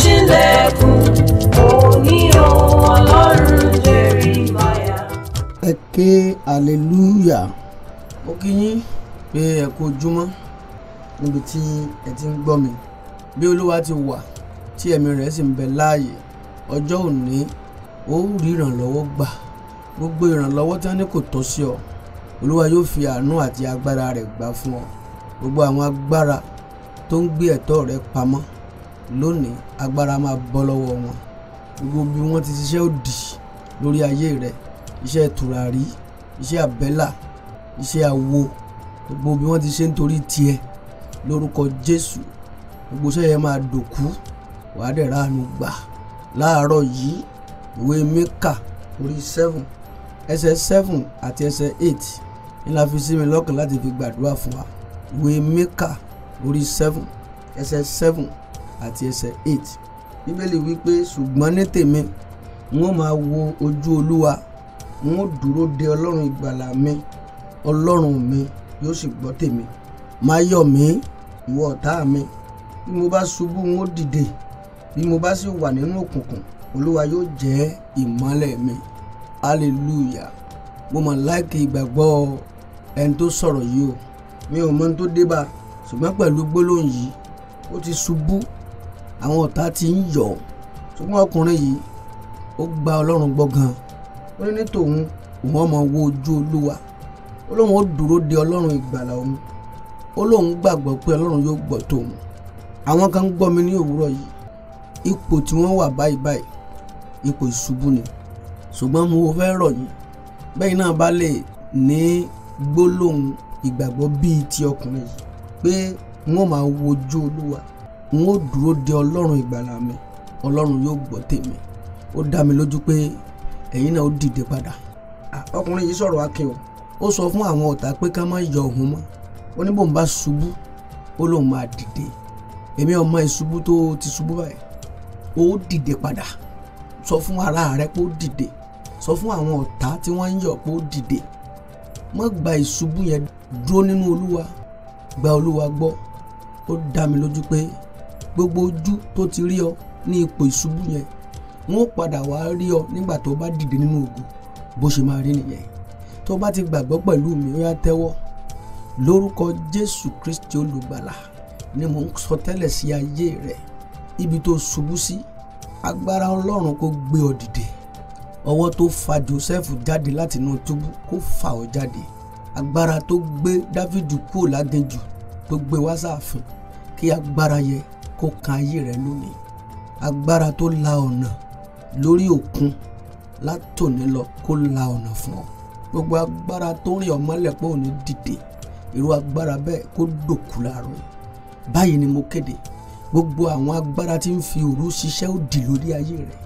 ṣílẹ̀kùn òní ohun ọlọ́run jèrímáyà. ẹ ké hallelujah mo kí yín pé ẹ kú ojúmọ́ níbi tí ẹ ti ń gbọ́ mi bí olúwa ti wà tí ẹ̀mí rẹ̀ sì ń bẹ láàyè ọjọ́ òní ó rí gbà gbogbo ìrànlọ́wọ́ tí wọ́n ní kò tọ́ sí ọ olúwa yóò fi àánú àti agbára rẹ̀ gbà fún ọ gbogbo àwọn agbára tó ń gbé ẹ̀tọ́ rẹ pamọ́ lónìí agbára máa bọ́ lọ́wọ́ wọn gbogbo bí wọ́n ti ṣiṣẹ́ òdì lórí ayé rẹ iṣẹ́ tùràrí iṣẹ́ àbẹ́là iṣẹ́ awo gbogbo bí wọ́n ti ṣe nítorí tiẹ̀ lórúkọ Jésù gbogbo iṣẹ́ yẹn máa dòkú wàá dẹ̀ ránu gbà láàárọ̀ yìí ìwé Míkà orí seven ẹsẹ̀ seven àti ẹsẹ̀ eight ni la fi sí mi lọ́kàn láti fi gbàdúrà fún wa ìwé Míkà orí seven ẹsẹ̀ seven àti ẹsẹ̀ eight bíbélì wípé ṣùgbọ́n ní tèmi n ó máa wo ojú olúwa n ó dúró de ọlọ́run ìgbàlà mi ọlọ́run mi yóò sì gbọ́ tèmi máa yọ̀ mí ìwọ ọ̀tá mi bí mo bá ṣubú n ó dìde bí mo bá sì wà nínú òkùnkùn olúwa yóò jẹ́ ìmọ́lẹ̀ mi hallelujah mo mọ̀ láìkè ìgbàgbọ́ ẹni tó sọ̀rọ̀ yìí o mi ò mọ ohun tó dé bá ṣùgbọ́n pẹ̀lú gbólóhùn yìí ó ti ṣubú àwọn ọ̀tá ti ń yọ̀ ṣùgbọ́n ọkùnrin yìí ó gba ọlọ́run gbọ́ gan ó ní ní tòun òun ọmọ wo ojú olúwa ó lóun ó dúró de ọlọ́run ìgbàlà òun ó lóun gbàgbọ́ pé ọlọ́run yóò gbọ́ tòun àwọn kan ń gbọ́ mi ní òwúrọ̀ yìí ipò tí wọ́n wà báyìí báyìí ipò ìṣubú ni ṣùgbọ́n mo fẹ́ rọ̀ yín bẹ́ẹ̀ náà bá lè ní gbólóhùn ìgbàgbọ́ bíi ti ọkùnrin yìí pé wọ́n máa wojú olúwa n ó dúró de ọlọ́run ìgbàlà mi ọlọ́run yóò gbọ́ tèmi ó dá mi lójú pé ẹ̀yin náà ó dìde padà. ọkùnrin yìí sọ̀rọ̀ akin o ó sọ fún àwọn ọ̀tá pé ká má yọ òun mọ́ ó ní bòun bá ṣubú ó lóun máa dìde èmi ọmọ ìṣubú tó ti ṣubú báyìí ó dìde padà sọ fún ara rẹ pé ó dìde sọ fún àwọn ọ̀tá tí wọ́n ń yọ̀ pé ó dìde má gba ìṣubú yẹn dúró nínú olúwa gba olúwa gbọ́ ó dá mi lójú pé gbogbo ojú tó ti rí ọ ní ipò ìṣubú yẹn wọn ó padà wá rí ọ nígbà tó bá dìde nínú ògo bó ṣe máa rí nìyẹn tó bá ti gbàgbọ́ pẹ̀lú mi ó yá tẹ́wọ́ lórúkọ jésù kristi olùgbàlà ni mò ń sọ tẹ́lẹ̀ sí ayé rẹ ibi tó ṣubú sí agbára ọlọ́run kó gbé ọ dìde ọwọ́ tó fa joseph jáde láti inú túbú kó fà ọ jáde agbára tó gbé dáfídì kúrò láginjù tó gbé wá sáàfin kí agbára yẹ kó kan ayé rẹ lónìí agbára tó la ọ̀nà lórí òkun látòní lọ kó la ọ̀nà fún ọ gbogbo agbára tó rìn ọmọlẹ̀ pé òní dìde irú agbára bẹ́ẹ̀ kó dòkú láàárọ̀ báyìí ni mo kéde gbogbo àwọn agbára tí ń fi òru ṣiṣẹ́ òdì lórí ayé rẹ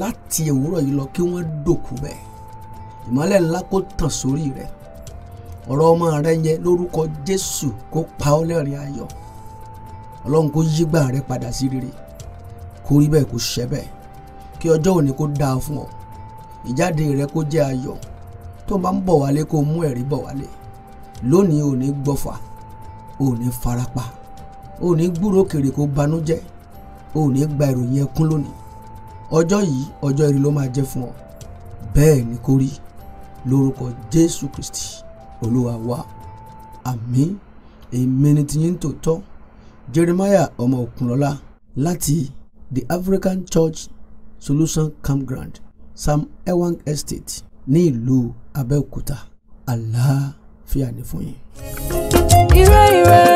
láti òwúrọ̀ yìí lọ kí wọ́n dòkú bẹ́ẹ̀ ìmọ́lẹ̀ ńlá kó tàn sórí rẹ ọ̀rọ̀ ọmọ rẹ yẹn lórúkọ Jésù kó pa ọ́ lẹ́rìn ayọ̀ ọlọ́run kó yígbà rẹ padà sí rere kó rí bẹ́ẹ̀ kó ṣẹ bẹ́ẹ̀ kí ọjọ́ òní kó dáa fún ọ ìjáde rẹ kó jẹ́ ayọ̀ tó bá ń bọ̀ wálé kó mú ẹ̀rí bọ̀ wálé lónìí ò gbọ́fà ò farapa ò ní gbúrò kèrè kó banújẹ́ ò ní gba ìròyìn ẹkún lónìí ọjọ́ yìí ọjọ́ ire ló máa jẹ́ fún ọ bẹ́ẹ̀ ni kó rí lórúkọ Jésù Kristi olúwa wa àmín èmi ni tiyín tòótọ́ Jeremiah ọmọ Òkunlọ́lá láti The African Church Solution Campground Sam Ewang Estate ní ìlú Abẹ́òkúta àlàáfíà ní fún yín. ire ire.